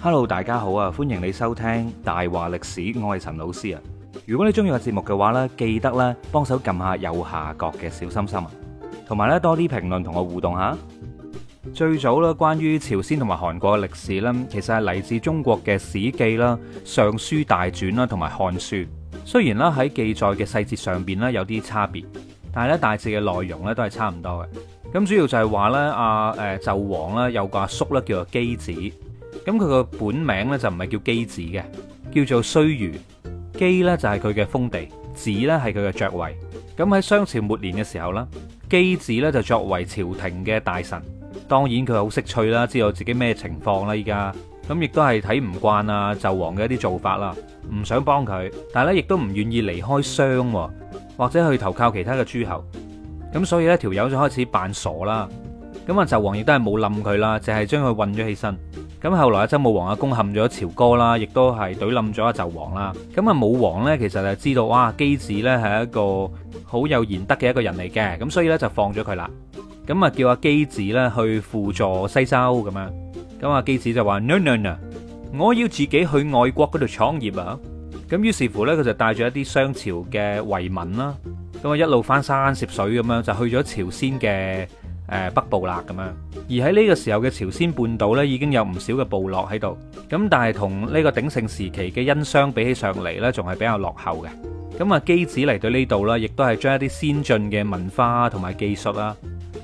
hello，大家好啊！歡迎你收聽大話歷史，我係陳老師啊。如果你中意我節目嘅話呢，記得咧幫手撳下右下角嘅小心心，啊，同埋呢多啲評論同我互動下。最早咧，關於朝鮮同埋韓國嘅歷史呢，其實係嚟自中國嘅史記啦、尚書大傳啦，同埋漢書。雖然啦喺記載嘅細節上邊呢有啲差別，但係咧大致嘅內容呢都係差唔多嘅。咁主要就係話呢，阿誒紂王呢有個阿叔咧叫做箕子。咁佢個本名咧就唔係叫箕子嘅，叫做胥餘，箕呢就係佢嘅封地，子呢係佢嘅爵位。咁喺商朝末年嘅時候啦，箕子呢就作為朝廷嘅大臣，當然佢好識趣啦，知道自己咩情況啦。依家咁亦都係睇唔慣啊，紂王嘅一啲做法啦，唔想幫佢，但係咧亦都唔願意離開商或者去投靠其他嘅諸侯。咁所以呢條友、這個、就開始扮傻啦。咁啊，紂王亦都係冇冧佢啦，淨係將佢困咗起身。咁後來啊，周武王啊，攻陷咗朝歌啦，亦都係懟冧咗啊，紂王啦。咁啊，武王咧其實就知道哇，箕子咧係一個好有賢德嘅一個人嚟嘅。咁所以咧就放咗佢啦。咁啊，叫啊箕子咧去輔助西周咁樣。咁啊，箕子就話：no no no，我要自己去外國嗰度創業啊。咁於是乎咧，佢就帶咗一啲商朝嘅遺民啦。咁啊，一路翻山涉水咁樣就去咗朝鮮嘅。誒北部啦咁樣，而喺呢個時候嘅朝鮮半島呢，已經有唔少嘅部落喺度。咁但係同呢個鼎盛時期嘅殷商比起上嚟呢，仲係比較落後嘅。咁啊，箕子嚟到呢度呢，亦都係將一啲先進嘅文化同埋技術啦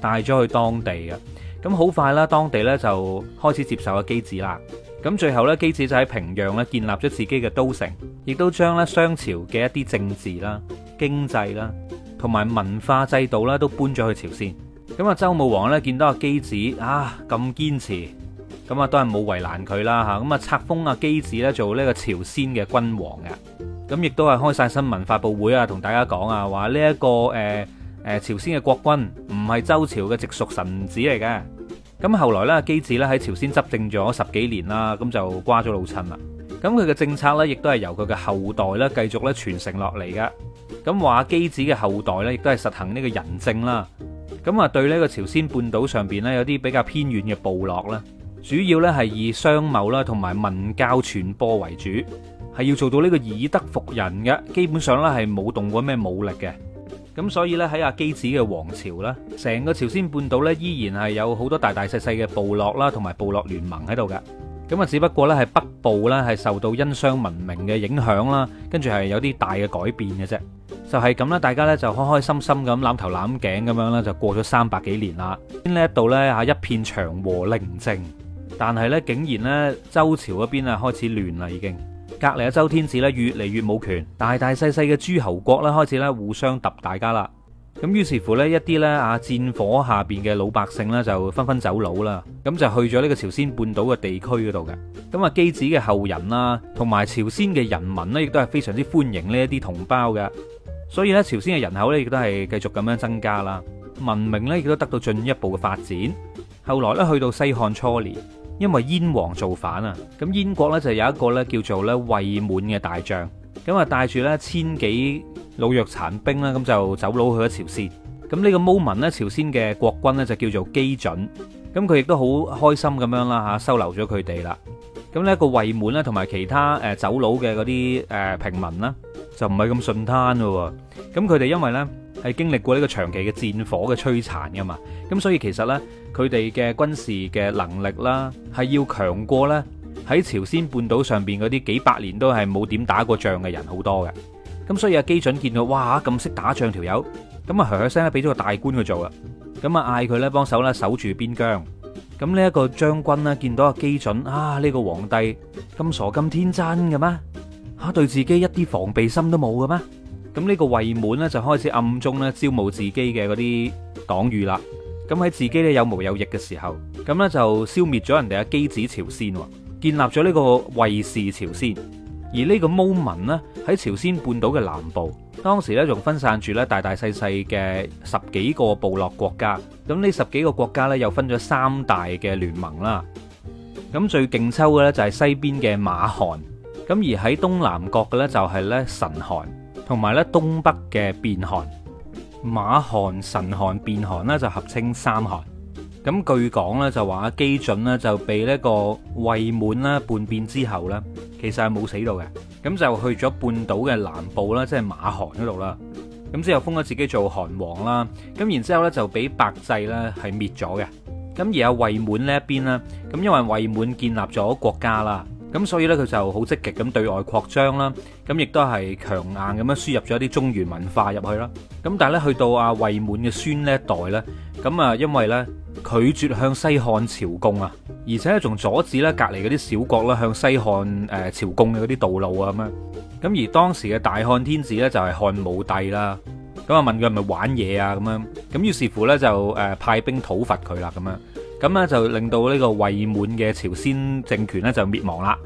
帶咗去當地啊。咁好快啦，當地呢，就開始接受啊箕子啦。咁最後呢，箕子就喺平壤呢，建立咗自己嘅都城，亦都將呢商朝嘅一啲政治啦、經濟啦同埋文化制度啦都搬咗去朝鮮。咁啊，周武王咧見到阿箕子啊咁堅持，咁啊都係冇為難佢啦吓。咁啊冊封阿箕子咧做呢個朝鮮嘅君王嘅。咁亦都係開晒新聞發佈會啊，同大家講啊，話呢一個誒誒朝鮮嘅國君唔係周朝嘅直屬臣子嚟嘅。咁後來咧，箕子咧喺朝鮮執政咗十幾年啦，咁就瓜咗老襯啦。咁佢嘅政策咧，亦都係由佢嘅後代咧繼續咧傳承落嚟嘅。咁話箕子嘅後代咧，亦都係實行呢個仁政啦。咁啊，對呢個，個朝鮮半島上邊有啲比較偏遠嘅部落啦，主要呢係以商貿啦同埋文教傳播為主，係要做到呢個以德服人嘅，基本上呢係冇動過咩武力嘅。咁所以呢，喺阿箕子嘅王朝咧，成個朝鮮半島呢依然係有好多大大細細嘅部落啦同埋部落聯盟喺度嘅。咁啊，只不過呢係北部咧係受到殷商文明嘅影響啦，跟住係有啲大嘅改變嘅啫。就係咁啦，大家咧就開開心心咁攬頭攬頸咁樣咧，就過咗三百幾年啦。呢一度呢一片祥和寧靜，但係呢竟然呢，周朝嗰邊啊開始亂啦，已經隔離嘅周天子咧越嚟越冇權，大大細細嘅諸侯國咧開始咧互相揼大家啦。咁於是乎呢，一啲咧啊戰火下面嘅老百姓呢，就紛紛走佬啦，咁就去咗呢個朝鮮半島嘅地區嗰度嘅。咁啊箕子嘅後人啦，同埋朝鮮嘅人民呢，亦都係非常之歡迎呢一啲同胞嘅。所以咧，朝鮮嘅人口咧亦都係繼續咁樣增加啦，文明咧亦都得到進一步嘅發展。後來咧，去到西漢初年，因為燕王造反啊，咁燕國咧就有一個咧叫做咧衛滿嘅大將，咁啊帶住咧千幾老弱殘兵啦，咁就走佬去咗朝鮮。咁呢個僕民咧，朝鮮嘅國君咧就叫做箕準，咁佢亦都好開心咁樣啦嚇，收留咗佢哋啦。咁呢一個衛滿咧，同埋其他誒走佬嘅嗰啲誒平民啦。就唔係咁順攤喎。咁佢哋因為呢係經歷過呢個長期嘅戰火嘅摧殘㗎嘛，咁所以其實呢，佢哋嘅軍事嘅能力啦，係要強過呢喺朝鮮半島上面嗰啲幾百年都係冇點打過仗嘅人好多嘅，咁所以阿箕準見到哇咁識打仗條友，咁啊響響聲咧俾咗個大官佢做啦，咁啊嗌佢呢幫手咧守住邊疆，咁呢一個將軍呢，見到阿箕準啊呢個皇帝咁傻咁天真嘅咩？嚇、啊、對自己一啲防備心都冇嘅咩？咁呢個衛滿呢，就開始暗中咧招募自己嘅嗰啲黨羽啦。咁喺自己咧有毛有翼嘅時候，咁呢就消滅咗人哋嘅箕子朝鮮，建立咗呢個衛氏朝鮮。而呢個溝民呢，喺朝鮮半島嘅南部，當時呢仲分散住呢大大細細嘅十幾個部落國家。咁呢十幾個國家呢，又分咗三大嘅聯盟啦。咁最勁抽嘅呢，就係西邊嘅馬韓。咁而喺東南角嘅呢，就係呢辰韓，同埋呢東北嘅弁韓。馬韓、辰韓、弁韓呢，就合稱三韓。咁據講呢，就話箕準呢，就被呢個衛滿啦叛變之後呢，其實係冇死到嘅，咁就去咗半島嘅南部啦，即係馬韓嗰度啦。咁之後封咗自己做韓王啦。咁然之後呢，就俾百濟呢，係滅咗嘅。咁而有衛滿呢一邊啦。咁因為衛滿建立咗國家啦。咁所以咧，佢就好積極咁對外擴張啦，咁亦都係強硬咁樣輸入咗一啲中原文化入去啦。咁但係咧，去到阿衛滿嘅孫呢一代咧，咁啊，因為咧拒絕向西漢朝貢啊，而且咧仲阻止咧隔離嗰啲小國啦，向西漢誒朝貢嘅嗰啲道路啊咁樣。咁而當時嘅大漢天子咧就係漢武帝啦，咁啊問佢係咪玩嘢啊咁樣，咁於是乎咧就誒派兵討伐佢啦咁樣。咁就令到呢個衛滿嘅朝鮮政權呢就滅亡啦。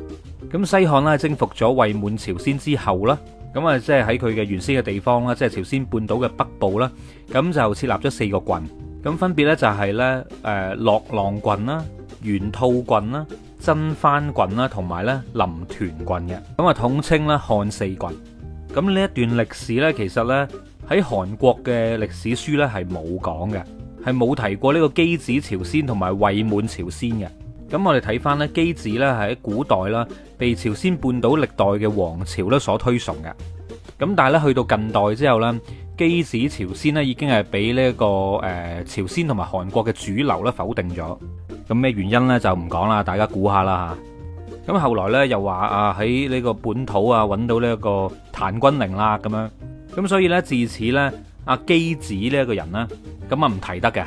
咁西漢呢征服咗衛滿朝鮮之後啦，咁啊即係喺佢嘅原先嘅地方啦，即係朝鮮半島嘅北部啦，咁就設立咗四個郡，咁分別呢就係呢誒樂浪郡啦、玄菟郡啦、真番郡啦，同埋呢臨屯郡嘅。咁啊統稱啦漢四郡。咁呢一段歷史呢，其實呢喺韓國嘅歷史書呢係冇講嘅。係冇提過呢個箕子朝鮮同埋衛滿朝鮮嘅。咁我哋睇翻呢箕子呢係喺古代啦，被朝鮮半島歷代嘅王朝呢所推崇嘅。咁但係呢，去到近代之後呢，箕子朝鮮呢已經係俾呢個個、呃、朝鮮同埋韓國嘅主流呢否定咗。咁咩原因呢？就唔講啦，大家估下啦吓。咁後來呢，又話啊喺呢個本土啊揾到呢個檀君陵啦咁樣。咁所以呢，自此呢。阿箕子呢一個人呢，咁啊唔提得嘅，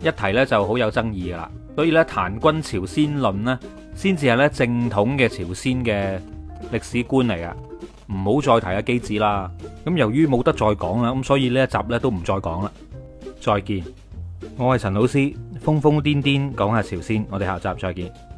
一提呢就好有爭議噶啦，所以呢，檀君朝鮮論呢，先至係呢正統嘅朝鮮嘅歷史觀嚟噶，唔好再提阿箕子啦。咁由於冇得再講啦，咁所以呢一集呢都唔再講啦。再見，我係陳老師，瘋瘋癲癲講下朝鮮，我哋下集再見。